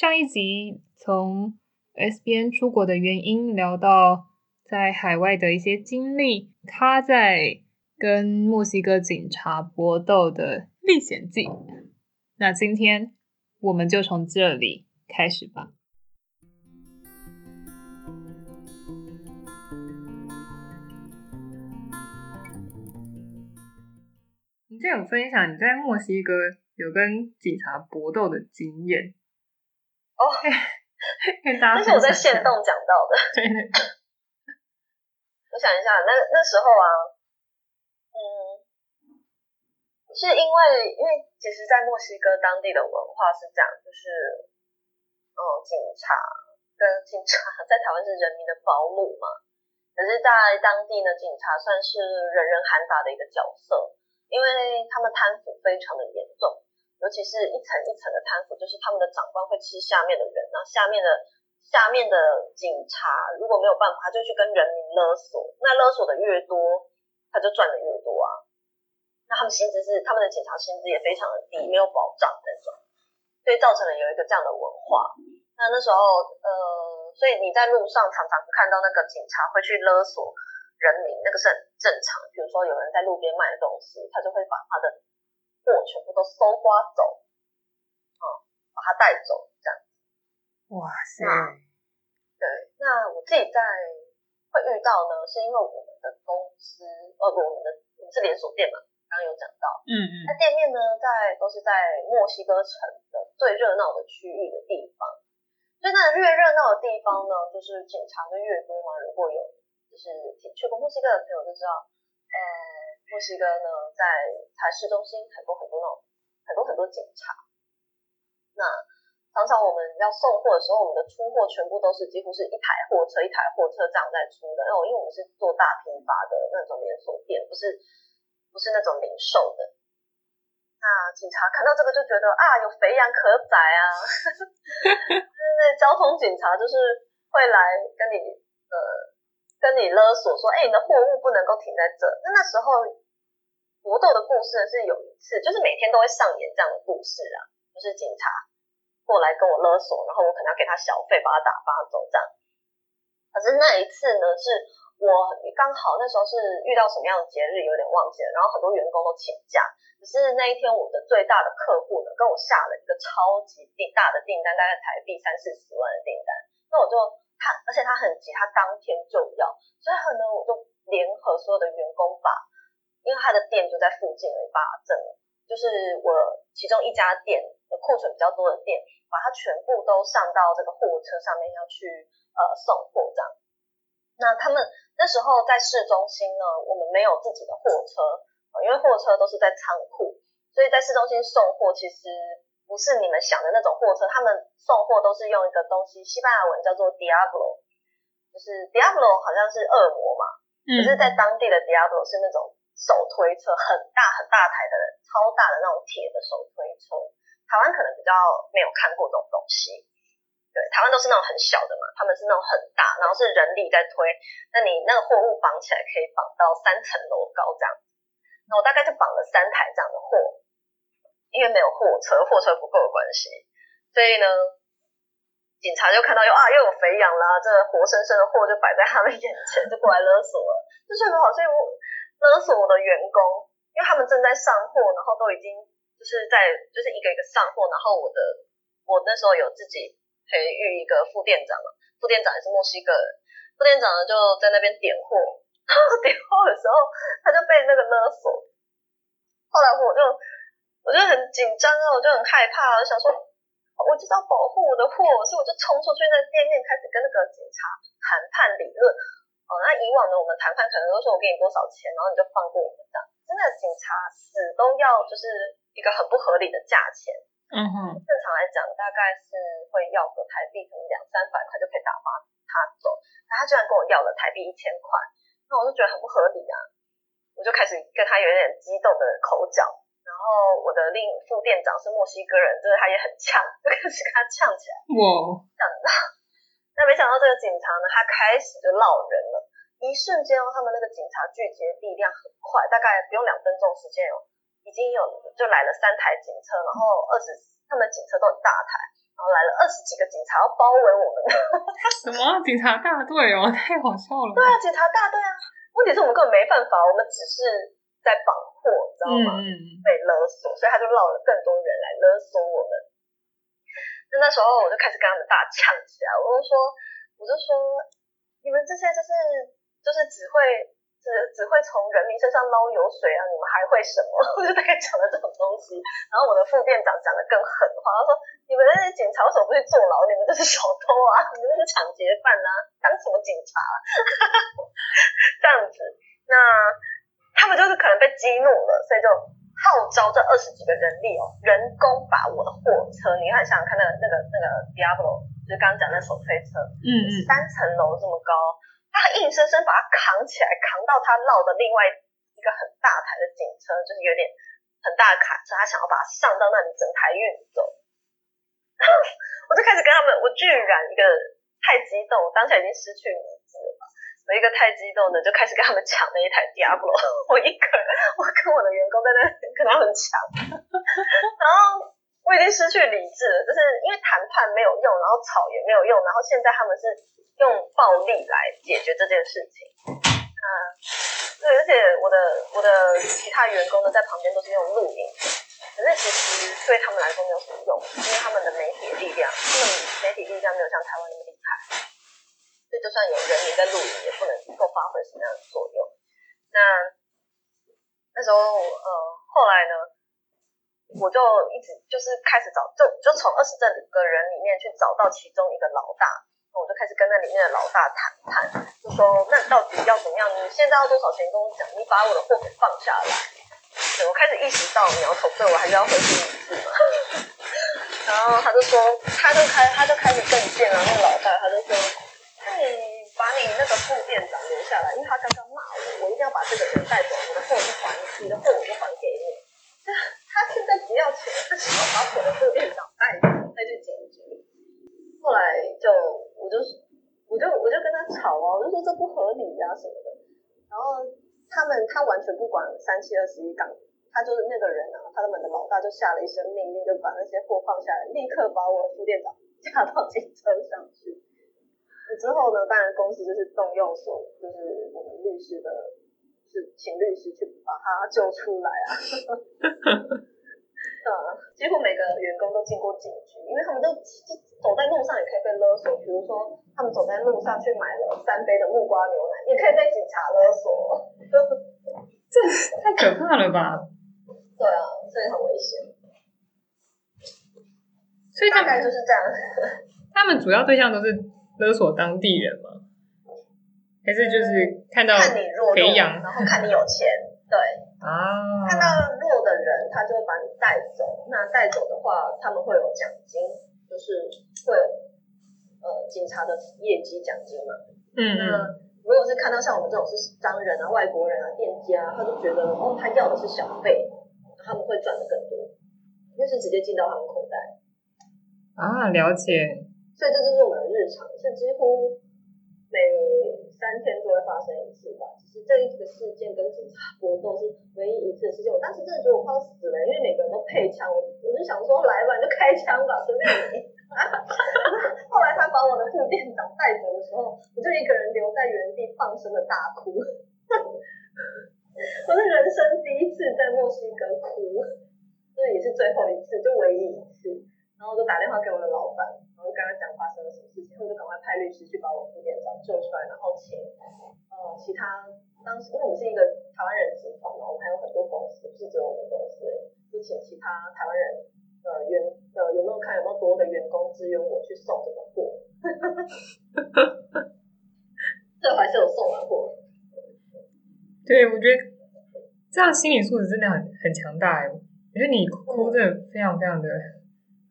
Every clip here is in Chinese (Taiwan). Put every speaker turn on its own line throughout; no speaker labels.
上一集從 S 編出國的原因聊到在海外的一些經歷，他在跟墨西哥警察搏鬥的歷險記。那今天我們就從這裡開始吧。你這有分享你在墨西哥有跟警察搏鬥的經驗？
哦， 這是我在現動
講到的
，
我想一下，那那時候啊，嗯，是因為因為其實，在墨西哥當地的文化是這樣，就是，嗯、哦，警察跟警察在台灣是人民的保姆嘛，可是，在當地呢，警察算是人人喊打的一個角色，因為他們貪腐非常的嚴重。尤其是一層一層的貪腐，就是他們的長官會吃下面的人，然後下面的下面的警察如果沒有辦法，他就去跟人民勒索，那勒索的越多，他就賺的越多啊。那他們薪資是他們的警察薪資也非常的低，沒有保障那種，所以造成了有一個這樣的文化。那那時候，呃，所以你在路上常常看到那個警察會去勒索人民，那個是很正常。比如說有人在路邊賣的東西，他就會把他的。貨全部都搜刮走，嗯，把它帶走這樣子。
哇塞，
對，那我自己在會遇到呢，是因為我們的公司，呃，不，我們的，我們是連鎖店嘛，剛剛有講到，嗯嗯，那店面呢，在都是在墨西哥城的最熱鬧的區域的地方，所以那越熱鬧的地方呢，嗯，就是警察就越多嘛。如果有就是去過墨西哥的朋友就知道，欸墨西哥呢，在台市中心很多很多那種很多很多警察，那常常我們要送貨的時候，我們的出貨全部都是幾乎是一台貨車一台貨車這樣在出的，因為我們是做大批發的那種連鎖店，不是不是那種零售的。那警察看到這個就覺得啊，有肥羊可宰啊，那 交通警察就是會來跟你呃。跟你勒索說，哎、欸，你的貨物不能夠停在這。那，那時候搏鬥的故事呢，是有一次，就是每天都會上演這樣的故事啊，就是警察過來跟我勒索，然後我可能要給他小費，把他打發走這樣。可是那一次呢，是我剛好那時候是遇到什麼樣的節日，有點忘記了。然後很多員工都請假，可是那一天我的最大的客戶呢，跟我下了一個超級大的訂單，大概台幣三四十萬的訂單，那我就。他而且他很急，他當天就要，所以很呢，我就聯合所有的員工把，因為他的店就在附近了，我把整就是我其中一家店的庫存比較多的店，把它全部都上到這個貨車上面要去呃，送貨這樣。那他們那時候在市中心呢，我們沒有自己的貨車，呃，因為貨車都是在倉庫，所以在市中心送貨其實。不是你們想的那種貨車，他們送貨都是用一個東西，西班牙文叫做 Diablo，就是 Diablo 好像是惡魔嘛，嗯，就是在當地的 Diablo 是那種手推車，很大很大台的，超大的那種鐵的手推車。台灣可能比較沒有看過這種東西，對，台灣都是那種很小的嘛，他們是那種很大，然後是人力在推，那你那個貨物綁起來可以綁到三層樓高這樣子，那我大概就綁了三台這樣的貨。因為沒有貨車，貨車不夠的關係，所以呢，警察就看到又啊又有肥羊啦，啊，這個活生生的貨就擺在他們眼前，就過來勒索了。就是好像我勒索我的員工，因為他們正在上貨，然後都已經就是在就是一個一個上貨，然後我的我那時候有自己培育一個副店長，副店長也是墨西哥人，副店長呢就在那邊點貨，然後點貨的時候他就被那個勒索，後來我就。我就很緊張啊，我就很害怕，我想說，我就是要保護我的貨，所以我就衝出去那店面，開始跟那個警察談判理論。哦，那以往呢，我們談判可能都說我給你多少錢，然後你就放過我們這樣，真的警察死都要，就是一個很不合理的價錢。嗯嗯。正常來講大概是會要個台幣，可能兩三百塊就可以打發他走，那他居然跟我要了台幣一千塊，那我就覺得很不合理啊，我就開始跟他有一點激動的口角。然後我的另副店長是墨西哥人，就是他也很嗆，就開始跟他嗆起來。哇！想不到，那沒想到這個警察呢，他開始就烙人了。一瞬間、哦、他們那個警察聚集力量很快，大概不用兩分鐘時間哦，已經有就來了三台警車，然後二十，他們警車都很大台，然後來了二十幾個警察要包圍我們。什麼、啊？警察大隊哦、啊，太好笑了。對啊，警察大隊啊。問題是，我們根本沒辦法，我們只是。在綁貨，你知道嗎？嗯嗯。被勒索，所以他就撈了更多人來勒索我們。那，那時候我就開始跟他們大嗆起來，我就說，我就說，你們這些就是就是只會只只會從人民身上撈油水啊，你們還會什麼？我就大概講了這種東西。然後我的副店長講得更狠的話，他說，你們那些警察，為什麼不去坐牢？你們這是小偷啊，你們這是搶劫犯啊，當什麼警察啊？ 這樣子，那。他們就是可能被激怒了，所以就號召這二十幾個人力哦，人工把我的貨車，你看想，想看那個那個那個 Diablo 就是剛剛講的那手推車，嗯嗯，三層樓這麼高，他硬生生把它扛起來，扛到他繞的另外一個很大台的警車，就是有點很大的卡車，他想要把它上到那裡整台運走。我就開始跟他們，我居然一個太激動，我當下已經失去理智了。我一個太激動的就開始跟他們搶那一台 d i a b l 我一個人，我跟我的員工在那跟他們搶， 然後我已經失去理智了，就是因為談判沒有用，然後吵也沒有用，然後現在他們是用暴力來解決這件事情。啊，對，而且我的我的其他員工呢在旁邊都是用錄音，可是其實對他們來說沒有什麼用，因為他們的媒體力量，他們媒體力量沒有像台灣那麼厲害。所以就算有人也在錄影也不能夠發揮什麼樣的作用。那那時候，呃，後來呢，我就一直就是開始找，就就從二十幾個人裡面去找到其中一個老大，我就開始跟那裡面的老大談，談，就說那你到底要怎麼樣？你現在要多少錢？跟我講，你把我的貨給放下來。對，我開始意識到苗頭，所以我還是要恢復理智嘛。 然後他就說，他就開，他就開始更賤了、啊。那個老大，他就說。那你把你那個副店長留下來，因為他剛剛罵我，我一定要把這個人帶走，我的貨我就還，你的貨我就還給你。他現在不要錢，他只要把我的副店長帶走，再去解決。後來就我就我就我就跟他吵啊、哦，我就說這不合理啊什麼的。然後他們他完全不管三七二十一，崗，他就是那個人啊，他們的老大就下了一聲命令，就把那些貨放下來，立刻把我的副店長架到警車上去。之後呢？當然，公司就是動用所，就是我們律師的，是請律師去把他救出來啊。 啊，幾乎每個員工都經過警局，因為他們都走在路上也可以被勒索。比如說，他們走在路上去買了三杯的木瓜牛奶，也可以被警察勒索。
這太可怕了吧？對啊，所
以很危險。所以大概就是這樣。
他們主要對象都是。勒索當地人嗎？還是就是看到看你弱,弱，養， 然
後看你有錢，對
啊，看
到弱的人，他就會把你帶走。那帶走的話，他們會有獎金，就是會有、呃、警察的業績獎金嘛。嗯,嗯，那如果是看到像我們這種是商人啊、外國人啊、店家、啊，他就覺得哦，他要的是小費，他們會賺得更多，就是直接進到他們口袋。
啊，了解。
所以這就是我們的日常，是幾乎每三天就會發生一次吧。只是這一個事件跟警察搏鬥是唯一一次事件。我當時真的覺得我快要死了欸，因為每個人都配槍，我我就想說，來吧，你就開槍吧，隨便你。 後來他把我的副店長帶走的時候，我就一個人留在原地放聲的大哭。 我是人生第一次在墨西哥哭，這也是最後一次，就唯一一次。然後我就打電話給我的老板，我跟他講發生了什麼事情，他們就趕快派律師去把我副店長救出
來，然後請呃、嗯、其他當時，因
為我們是一個台灣人集團，我們還有很多公司不是只有我們公司，就請其他台灣人呃員呃，呃，呃有沒有看有沒有多的員工支援我去送這個貨？ 這還是有送的、啊、貨。對，我覺得這樣心理素質真的很很強大喲。我覺得你哭的非常非常的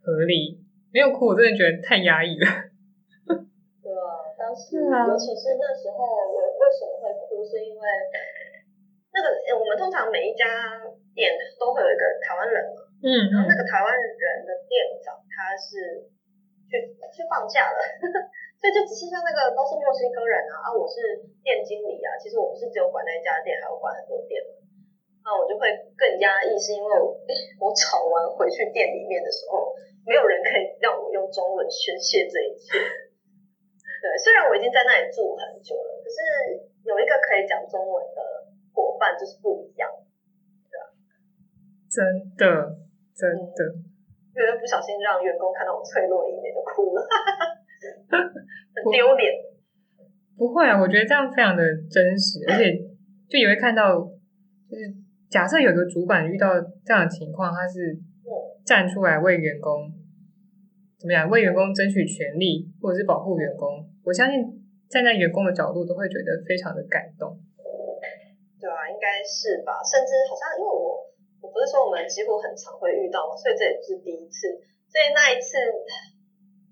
合理。沒有哭，我真的覺得太壓抑了。
對啊，當時尤其是那時候，我為什麼會哭？是因為那個、欸、我們通常每一家店都會有一個台灣人嘛，嗯，然後那個台灣人的店長他是去去放假了， 所以就只剩下那個都是墨西哥人啊。啊，我是店經理啊，其實我不是只有管那一家店，還有管很多店。那我就會更壓抑，是因為我我吵完回去店裡面的時候。沒有人可以讓我用中文宣洩這一切。對，雖然我已經在那裡住很久了，可是有一個可以
講中文的夥伴就是不一
樣。真的真的，
因為、嗯、不小心讓員工看到我脆弱
的一面就哭了哈哈，很丟臉不？不會啊，我覺得這樣非常的真實，而且就也會看到，就是假設有一個主管遇到這樣的情況，他是站出來為員工，怎麼樣為員工爭取權利或者是保護員工？我相信站在員工的角度都會覺得非常的感動。
對啊，應該是吧？甚至好像因為我我不是說我們幾乎很常會遇到，所以這也不是第一次。所以那一次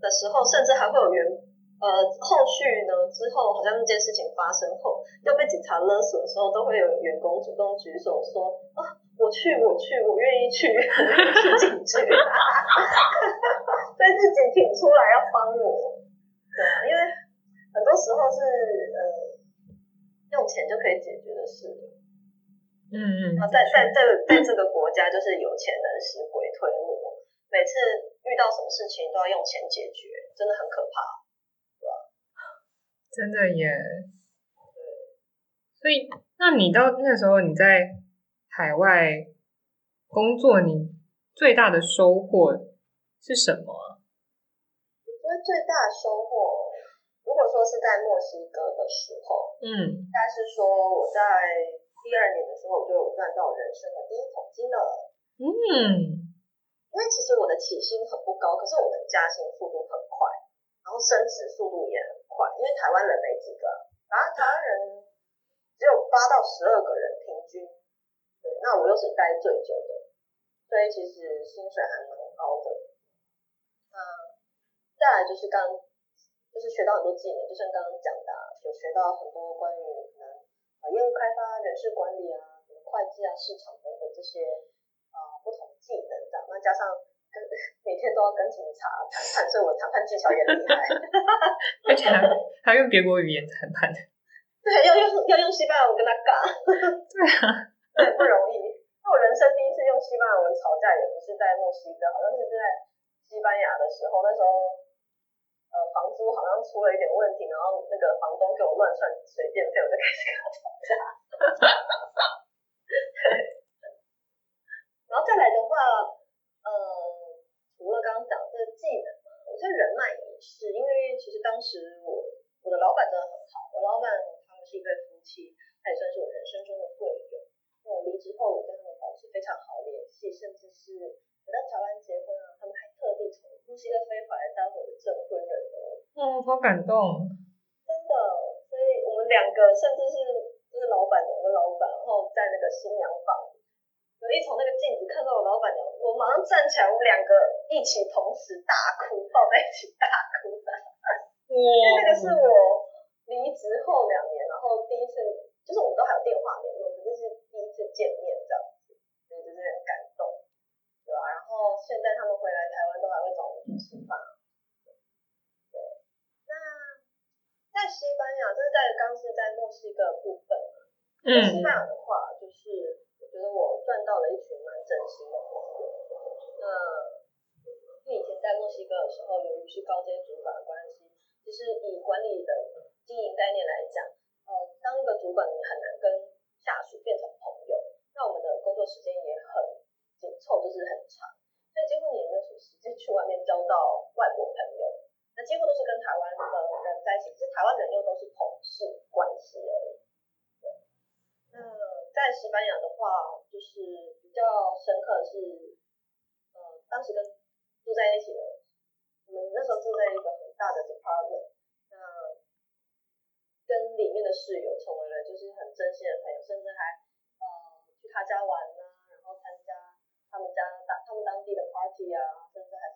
的時候，甚至還會有員呃後續呢之後，好像那件事情發生後，又被警察勒索的時候，都會有員工主動舉手說：“啊，我去，我去，我願意去，我願意去，我願意去警局啊。 ”對，自己挺出來要幫我，對啊，因為很多時候是呃用錢就可以解決的事，嗯嗯，啊，在在在在這個國家就是有錢能使鬼推磨，每次遇到什麼事情都要用錢解決，真的很可怕，對吧、啊？
真的耶，對，
所以那你到那個時候你在海外工作，你最大的收穫是什麼？
最大的收穫，如果說是在墨西哥的時候，嗯，大概是說我在第二年的時候，我就有賺到人生的第一桶金了嗯，嗯，因為其實我的起薪很不高，可是我們加薪速度很快，然後升職速度也很快，因為台灣人沒幾個啊，台灣人只有八到十二個人平均，對，那我又是待最久的，所以其實薪水還蠻高的。再來就是剛就是學到很多技能，就像剛剛講的、啊，有學到很多關於呃業務開發、啊、人事管理啊、什麼會計啊、市場等等這些啊不同技能的。那加上跟每天都要跟警察談判，所以我談判技巧也很厲害。 而
且他他用別國語言談判的。 對，
要用要用西班牙語跟他尬。對啊。對，不容易。那我人生第一次用西班牙文吵架，也不是在墨西哥，好像是在西班牙的時候，那時候。房租好像出了一點問題，然後那個房東給我亂算水電費，我就開始跟他吵架。 然後再來的話，呃、嗯，除了剛剛講的、這個、技能我覺得人脈也是，因為其實當時我我的老闆真的很好，我老闆他們是一對夫妻，他也算是我人生中的貴人，那我離職後，我跟他們保持非常好聯繫，甚至是。在台灣結婚啊，他們還特地從西的飛回來當回證婚的人
哦。嗯，好感動。真的，
所以我們兩個甚至是就是老闆娘跟老闆，然後在那個新娘房，有一從那個鏡子看到我老闆娘，我馬上站起來，我們兩個一起同時大哭，抱在一起大哭的。哇、嗯！ 那個是我離職後兩年，然後第一次，就是我們都還有電話聯絡，就是第一次見面這樣子，所以就是很感動。對吧？然後現在他們回來台灣都還會找我們去吃飯。對，那在西班牙，就是在剛是在墨西哥的部分。嗯。西班牙的話，就是我覺得我賺到了一群蠻真心的朋友。那因為以前在墨西哥的時候，由於是高階主管的關係，其實以管理的經營概念來講，呃，當一個主管，你很難跟下屬變成朋友，那我們的工作時間也很。緊湊就是很長，所以幾乎你也沒有實際去外面交到外國朋友，那幾乎都是跟台灣的人在一起，其實台灣人又都是同事關係而已。對，那在西班牙的話，就是比較深刻的是、嗯，當時跟住在一起的，我們那時候住在一個很大的 d e p a r t m e n t，那跟裡面的室友成為了就是很真心的朋友，甚至還、嗯、去他家玩呢。他們家當他們
當地的 party 啊，甚至還是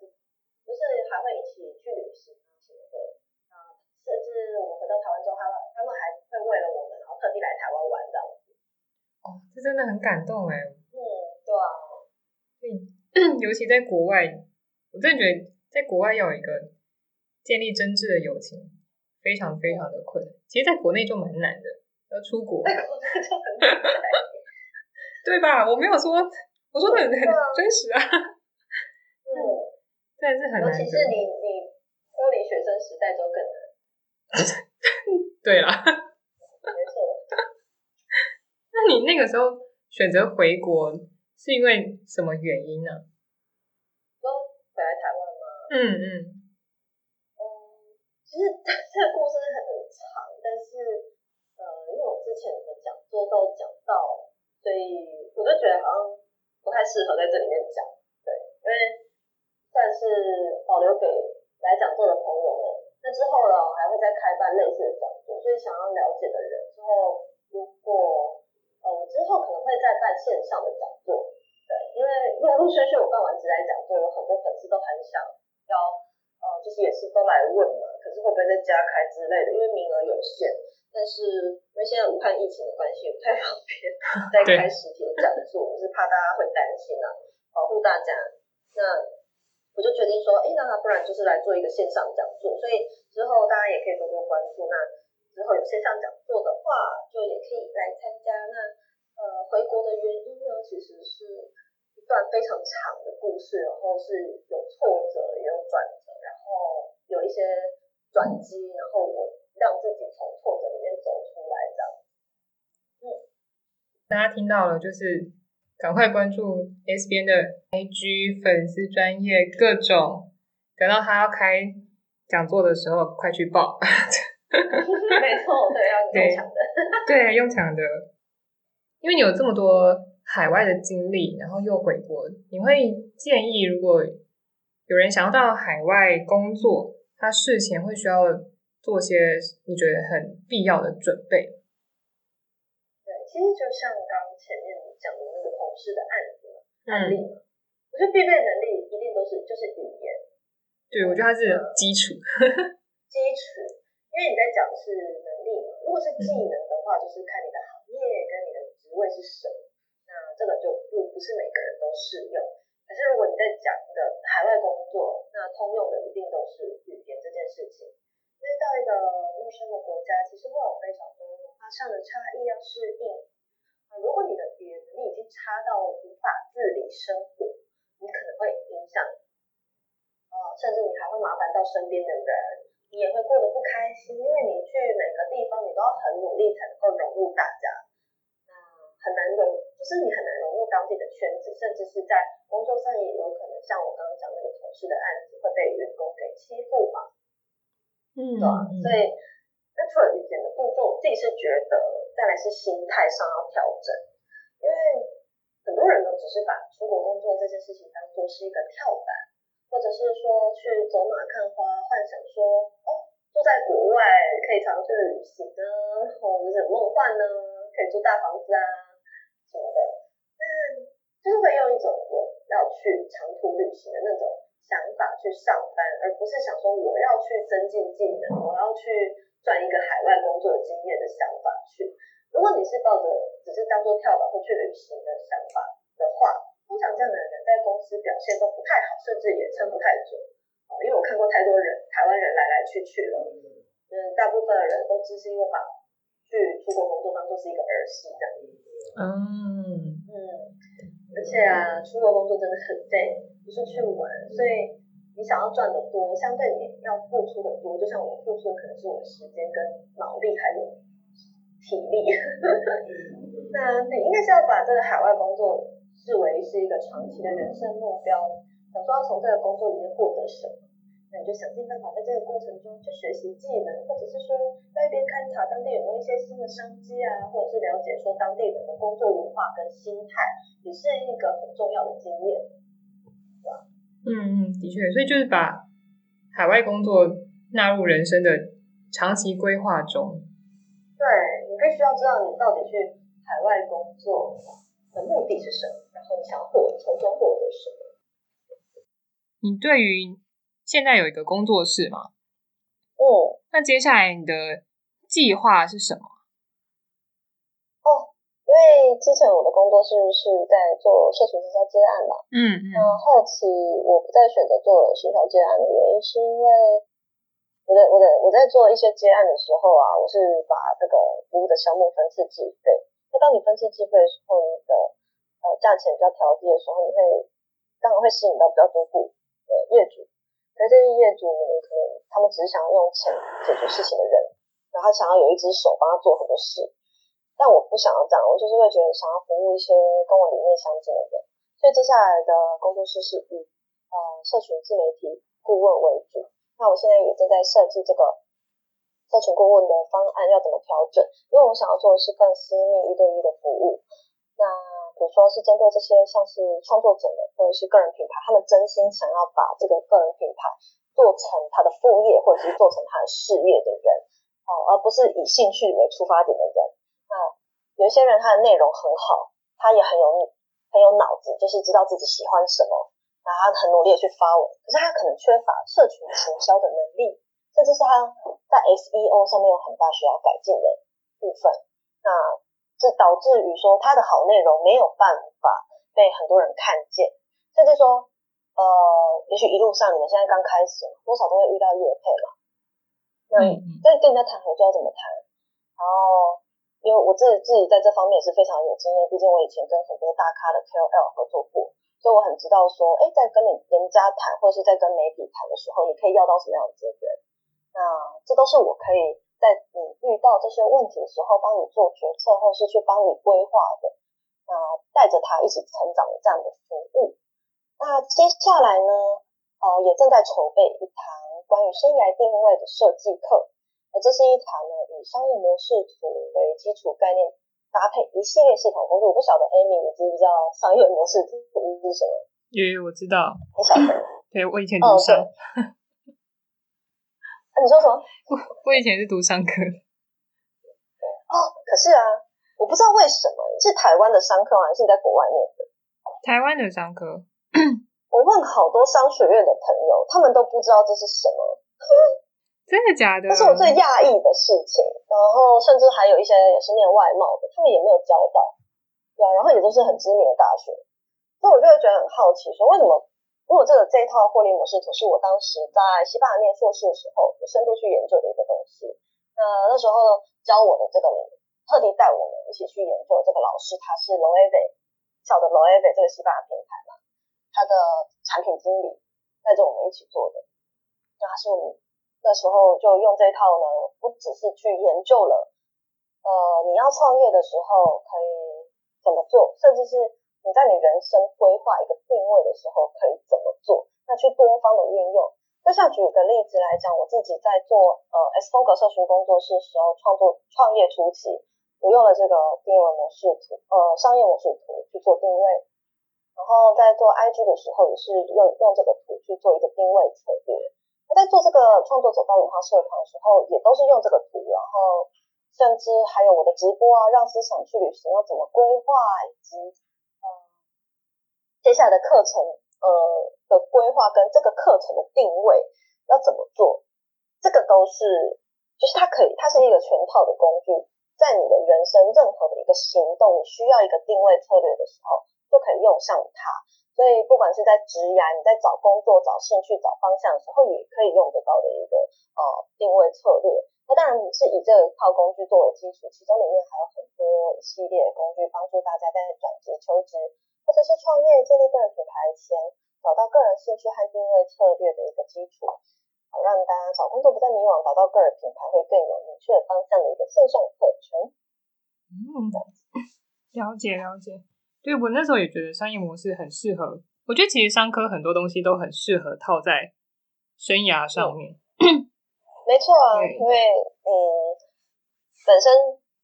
不是還會一起去旅行啊什麼的，
啊，甚至我們回到台灣之後，他們他們還會為了我們，然後
特地來台灣玩的。哦，這真的很感動哎、欸。嗯，對啊、嗯。尤其在國外，我真的覺得在國外要有一個建立真摯的友情，非常非常的困難。其實，在國內就蠻難的，要出國就很難， 對吧？我沒有說。我說得很真實啊，
嗯，真的是很難，尤其是你你脫離學生時代就更難，
對啦、嗯、沒錯， 那你那個時候選擇回國是因為什麼原因呢、啊？都回來台灣嗎？嗯嗯嗯，其實這
個故事很長，但是呃、嗯，因為我之前的講座都講到，所以我就覺得好像。不太適合在這裡面講，對，因為算是保留給來講座的朋友們。那之後呢，我還會再開辦類似的講座，所以想要了解的人之後，如果，嗯，我之後可能會再辦線上的講座，對，因為陸陸續續我辦完幾場講座，有很多粉絲都很想要，呃，就是也是都來問嘛，可是會不會再加開之類的，因為名額有限。但是因為現在武漢疫情的關係，也不太方便再開實體的講座，我是怕大家會擔心啊，保護大家。那我就決定說，哎、欸，那他不然就是來做一個線上講座，所以之後大家也可以多多關注。那之後有線上講座的話，就也可以來參加。那呃，回國的原因呢，其實是一段非常長的故事，然後是有挫折，也有轉折，然後有一些轉機，然後我讓自己從挫折。走
出來的、嗯，大家聽到了，就是趕快關注 S 編的 IG 粉絲專業各種，等到他要開講座的時候，快去報。 沒錯，對，要用搶的， 對，用搶的。因為你有這麼多海外的經歷，然後又回國，你會建議如果有人想要到海外工作，他事前會需要。做些你覺得很必要的準備。
對，其實就像剛前面你講的那個同事的案子
案例，嗯，我覺得
必備能力一定都是就是語言。
對，我覺得它是基礎。
基礎，因為你在講的是能力嘛，如果是技能的話，嗯，就是看你的行業跟你的職位是什麼，那這個就不不是每個人都適用。可是如果你在講的海外工作，那通用的一定都是語言這件事情。到一個陌生的國家，其實會有非常多文化上的差異要適應。呃，如果你的語言能力已經差到無法自理生活，你可能會影響，呃，甚至你還會麻煩到身邊的人，你也會過得不開心，因為你去每個地方，你都要很努力才能夠融入大家，那、呃，很難融，就是你很難融入當地的圈子，甚至是在工作上也有可能，像我剛剛講那個同事的案子，會被員工給欺負嘛。嗯，對，所以那、嗯、除了語言的部分，我自己是覺得，再來是心態上要調整，因為很多人都只是把出國工作這件事情當做是一個跳板，或者是說去走馬看花，幻想說哦，住在國外可以常去旅行呢、啊，或者夢幻呢，可以住大房子啊什麼的，那、嗯、就是會用一種我要去長途旅行的那種想法去上班，而不是想說我要去增進技能，我要去賺一個海外工作的經驗的想法去。如果你是抱着只是當做跳板或去旅行的想法的話，通常這樣的人在公司表現都不太好，甚至也撐不太久。因為我看過太多人，台灣人來來去去了，嗯，嗯，大部分的人都只是因為把去出國工作當做是一個兒戲這樣。嗯。而且啊，出國工作真的很累，不是去玩，所以你想要賺得多，相對你要付出的多。就像我付出的可能是我的時間跟腦力還有體力。 那你應該是要把這個海外工作視為是一個長期的人生目標，想說要從這個工作裡面獲得什麼？那你就想盡辦法在這個過程中去學習技能，或者是說在一邊勘察當地有沒有一些新的商機啊，或者是了解說當地人的工作文化跟心態，也是一個很重要的經驗，
是吧？嗯嗯，的確，所以就是把海外工作納入人生的長期規劃中。
對，你必須要知道你到底去海外工作的目的是什麼，然後你想獲從中獲得什
麼。你對於。現在有一個工作室嗎？哦、嗯，那接下來你的計劃是什麼？
哦，因為之前我的工作室是在做社群營銷接案嘛，嗯嗯，那、呃、後期我不再選擇做營銷接案的原因，是因為我在我的我在做一些接案的時候啊，我是把這個服務的項目分次計費，那當你分次計費的時候，你的呃價錢比較調低的時候，你會當然會吸引到比較多戶的業主。那這些業主們可能他們只是想要用錢解決事情的人，然後他想要有一隻手幫他做很多事，但我不想要這樣，我就是會覺得想要服務一些跟我理念相近的人，所以接下來的工作室是以呃社群自媒體顧問為主。那我現在也正在設計這個社群顧問的方案要怎麼調整，因為我想要做的是更私密一對一的服務。那比如說，是針對這些像是創作者的，或者是個人品牌，他們真心想要把這個個人品牌做成他的副業，或者是做成他的事業的人，哦、嗯，而不是以興趣為出發點的人。那有一些人，他的內容很好，他也很有很有腦子，就是知道自己喜歡什麼，然後他很努力去發文，可是他可能缺乏社群行銷的能力，甚至是他在 SEO 上面有很大需要改進的部分。那是導致於說他的好內容沒有辦法被很多人看見，甚至說，呃，也許一路上你們現在剛開始，多少都會遇到業配嘛。嗯。那但是跟人家談合作要怎麼談？然後因為我自己自己在這方面也是非常有經驗，畢竟我以前跟很多大咖的 KOL 合作過，所以我很知道說，哎、欸，在跟你人家談或者是在跟媒體談的時候，你可以要到什麼樣的資源。那這都是我可以。在你遇到這些問題的時候，幫你做決策，或是去幫你規劃的，那帶着他一起成長的這樣的服務。那接下來呢，呃，也正在籌備一堂關於生涯定位的設計課。呃，這是一堂呢以商業模式圖為基礎概念，搭配一系列系統工具。我不曉得 Amy 你知不知道商業模式圖是什麼？
耶，我知道。
你
曉得？
對，我以前讀商。Oh, 啊，你說什麼？我我以前是讀商科，
哦，可是啊，我不知道為什麼是台灣的商科還是你在國外念
的？台灣的商科，
我問好多商學院的朋友，他們都不知道這是什麼，
真的假的？
這是我最訝異
的事情。然後甚至還有一些也是念外貿的，他們也沒有教到。對啊，然後也都是很知名的大學，所以我就會覺得很好奇，說為什麼？如果這個這一套獲利模式，可是我當時在西班牙念碩士的時候，深度去研究的一個東西。那那時候教我的這個，人，特地帶我們一起去研究這個老師，他是羅埃維，曉得羅埃維這個西班牙品牌嘛，他的產品經理帶着我們一起做的。那他是我們那時候就用這一套呢，不只是去研究了，呃，你要創業的時候可以怎麼做，甚至是。你在你人生規劃一個定位的時候可以怎麼做？那去多方的運用。就像舉個例子來講，我自己在做呃 S 風格社群工作室的時候，創作創業初期，我用了這個定位模式圖，呃商業模式圖去做定位。然後在做 IG 的時候，也是用用這個圖去做一個定位策略。那在做這個創作者爆米花社團的時候，也都是用這個圖。然後甚至還有我的直播啊，讓思想去旅行要怎麼規劃以及。接下來的課程，呃，的規劃跟這個課程的定位要怎麼做？這個都是，就是它可以，它是一個全套的工具，在你的人生任何的一個行動，你需要一個定位策略的時候，就可以用上它。所以，不管是在職涯、你在找工作、找興趣、找方向的時候，也可以用得到的一個呃定位策略。啊、當然是以這一套工具作為基礎，其中裡面還有很多一系列工具，幫助大家在轉職、求職或者是創業、建立個人品牌前，找到個人興趣和定位策略的一個基礎，好、啊、讓大家找工作不再迷惘，找到個人品牌會更有明確的方向的一個線上課
程。嗯、
了解了解。
對我那時候也覺得商業模式很適合，我覺得其實商科很多東西都很適合套在生涯上面。
沒錯啊，因為嗯，本身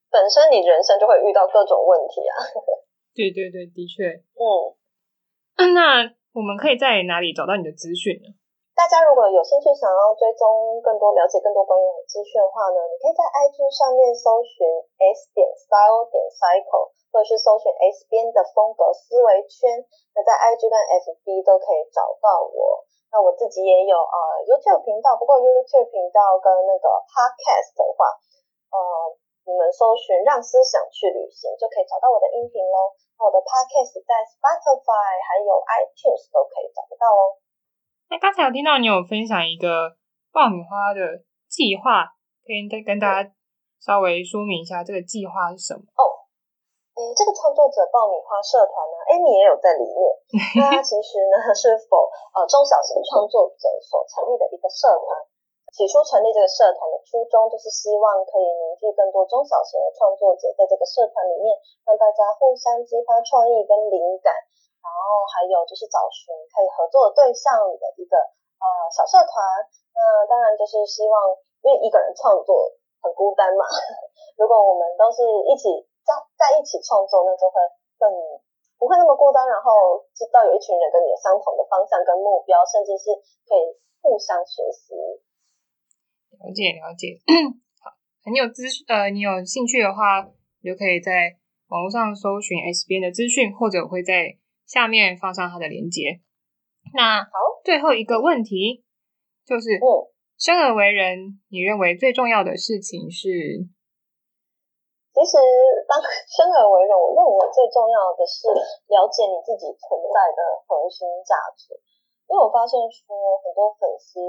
本身你人生就會遇到各種問題啊。呵
呵。對對對，的確。
嗯、
啊，那我們可以在哪裡找到你的資訊呢？
大家如果有興趣想要追蹤更多、了解更多關於我的資訊的話呢，你可以在 IG 上面搜尋 S 點 Style 點 Cycle，或者是搜尋 S 編的風格思維圈。那在 IG 跟 FB 都可以找到我。那我自己也有啊，呃，YouTube 頻道，不過 YouTube 頻道跟那個 Podcast 的話，呃，你們搜尋“讓思想去旅行”就可以找到我的音頻嘍。那我的 Podcast 在 Spotify 還有 iTunes 都可以找得到
哦。那剛才有聽到你有分享一個爆米花的計劃，可以跟跟大家稍微說明一下這個計劃是什麼哦。Oh.
誒，這個創作者爆米花社團呢，Amy 也有在裡面。它其實呢，是 for 呃中小型創作者所成立的一個社團。起初成立這個社團的初衷，就是希望可以凝聚更多中小型的創作者在這個社團裡面，讓大家互相激發創意跟靈感，然後還有就是找尋可以合作的對象的一個呃小社團。那當然就是希望，因為一個人創作很孤單嘛。如果我們都是一起。在一起創作，那就會更不會那麼孤單，然後知道有一群人跟你有相同的方向跟目標，甚至是可以互相學
習。了解了解， 好，很有資呃，你有興趣的話，你就可以在網絡上搜尋 S 編的資訊，或者我會在下面放上它的鏈接。那好，最後一個問題，嗯，就是，生，嗯，而為人，你認為最重要的事情是？其實，當生而為人，
我認為最重要的是了解你自己存在的核心價值。因為我發現說，很多粉絲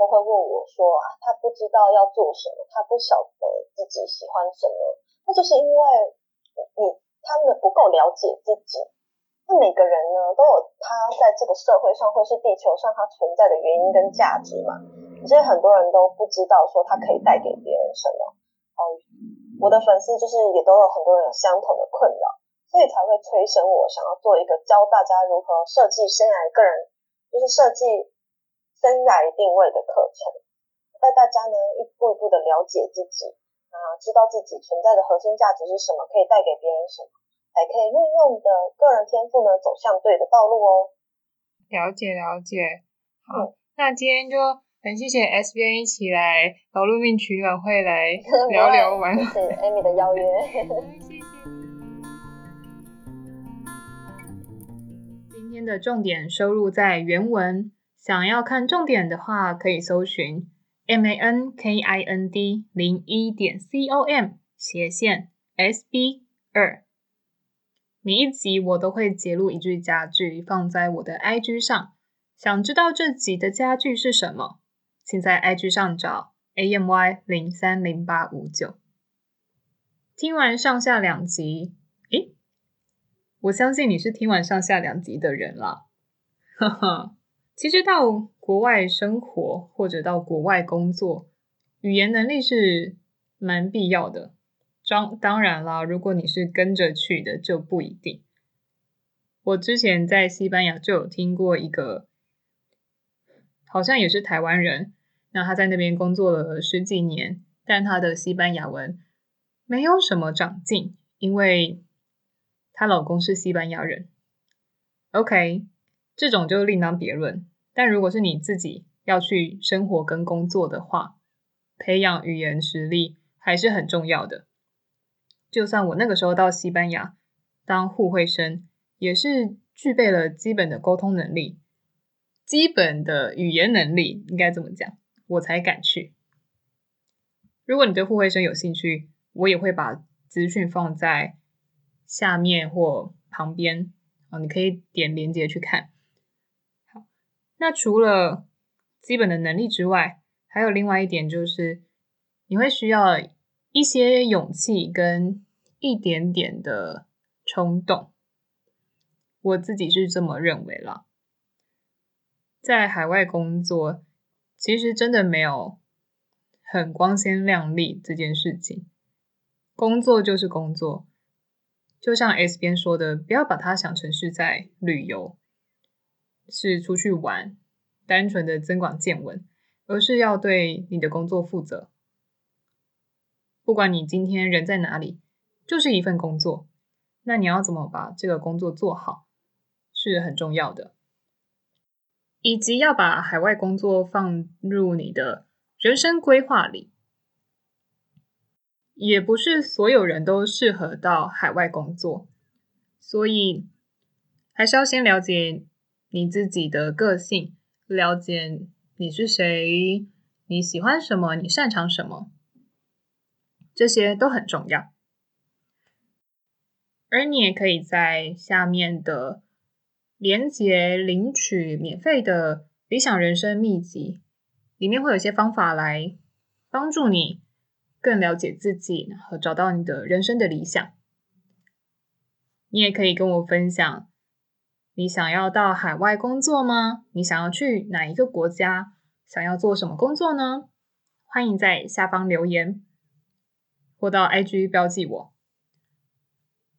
都會問我說啊，他不知道要做什麼，他不曉得自己喜歡什麼，那就是因為你他們不夠了解自己。那每個人呢，都有他在這個社會上，或是地球上他存在的原因跟價值嘛。其實很多人都不知道說他可以帶給別人什麼。哦。我的粉絲就是也都有很多人相同的困擾，所以才會催生我想要做一個教大家如何設計生涯個人，就是設計生涯定位的課程，帶大家呢一步一步的了解自己，啊，知道自己存在的核心價值是什麼，可以帶給別人什麼，才可以運用的個人天賦呢走向對的道路哦。
了解了解，好、嗯，那今天就。很謝謝 S 編一起來勞碌命取暖會來 聊聊玩完。對 Amy 的邀約。 今天的重點收錄在原文，想要看重點的話，可以搜尋 M A N K I N D 零一點 C O M 斜線 S B 二。每一集我都會截錄一句佳句放在我的 I G 上，想知道這集的佳句是什麼？請在 IG 上找 AMY 零三零八五九。聽完上下兩集，誒，我相信你是聽完上下兩集的人啦，哈哈，其實到國外生活或者到國外工作，語言能力是蠻必要的。當當然啦，如果你是跟着去的就不一定。我之前在西班牙就有聽過一個。好像也是台灣人，那他在那邊工作了十幾年，但他的西班牙文沒有什麼長進，因為她老公是西班牙人。OK，這種就另當別論。但如果是你自己要去生活跟工作的話，培養語言實力還是很重要的。就算我那個時候到西班牙當互惠生，也是具備了基本的溝通能力。基本的語言能力應該怎麼講，我才敢去。如果你對互惠生有興趣，我也會把資訊放在下面或旁邊啊，哦，你可以點連結，去看。好，那除了基本的能力之外，還有另外一點就是，你會需要一些勇氣跟一點點的衝動。我自己是這麼認為了。在海外工作，其實真的沒有很光鮮亮麗這件事情。工作就是工作，就像 S 編說的，不要把它想成是在旅遊，是出去玩，單純的增廣見聞，而是要對你的工作負責。不管你今天人在哪裡，就是一份工作，那你要怎麼把這個工作做好，是很重要的。以及要把海外工作放入你的人生規劃裡，也不是所有人都適合到海外工作，所以還是要先了解你自己的個性，了解你是誰，你喜歡什麼，你擅長什麼，這些都很重要。而你也可以在下面的。連接領取免費的理想人生秘笈，裡面會有些方法來幫助你更了解自己和找到你的人生的理想。你也可以跟我分享，你想要到海外工作嗎？你想要去哪一個國家？想要做什麼工作呢？歡迎在下方留言，或到 IG 標記我。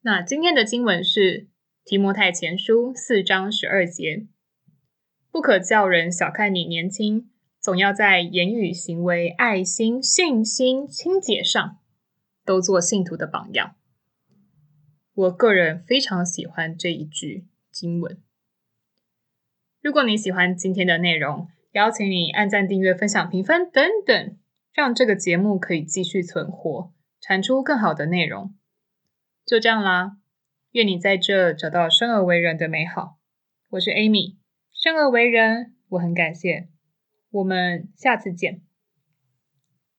那今天的經文是提摩太前書四章十二節，不可叫人小看你年輕，總要在言語、行為、愛心、信心、清潔上，都做信徒的榜樣。我個人非常喜歡這一句經文。如果你喜歡今天的內容，邀請你按贊、訂閱、分享、評分等等，讓這個節目可以繼續存活，產出更好的內容。就這樣啦。願你在這找到生而為人的美好。我是 Amy，生而為人，我很感謝。我們下次見。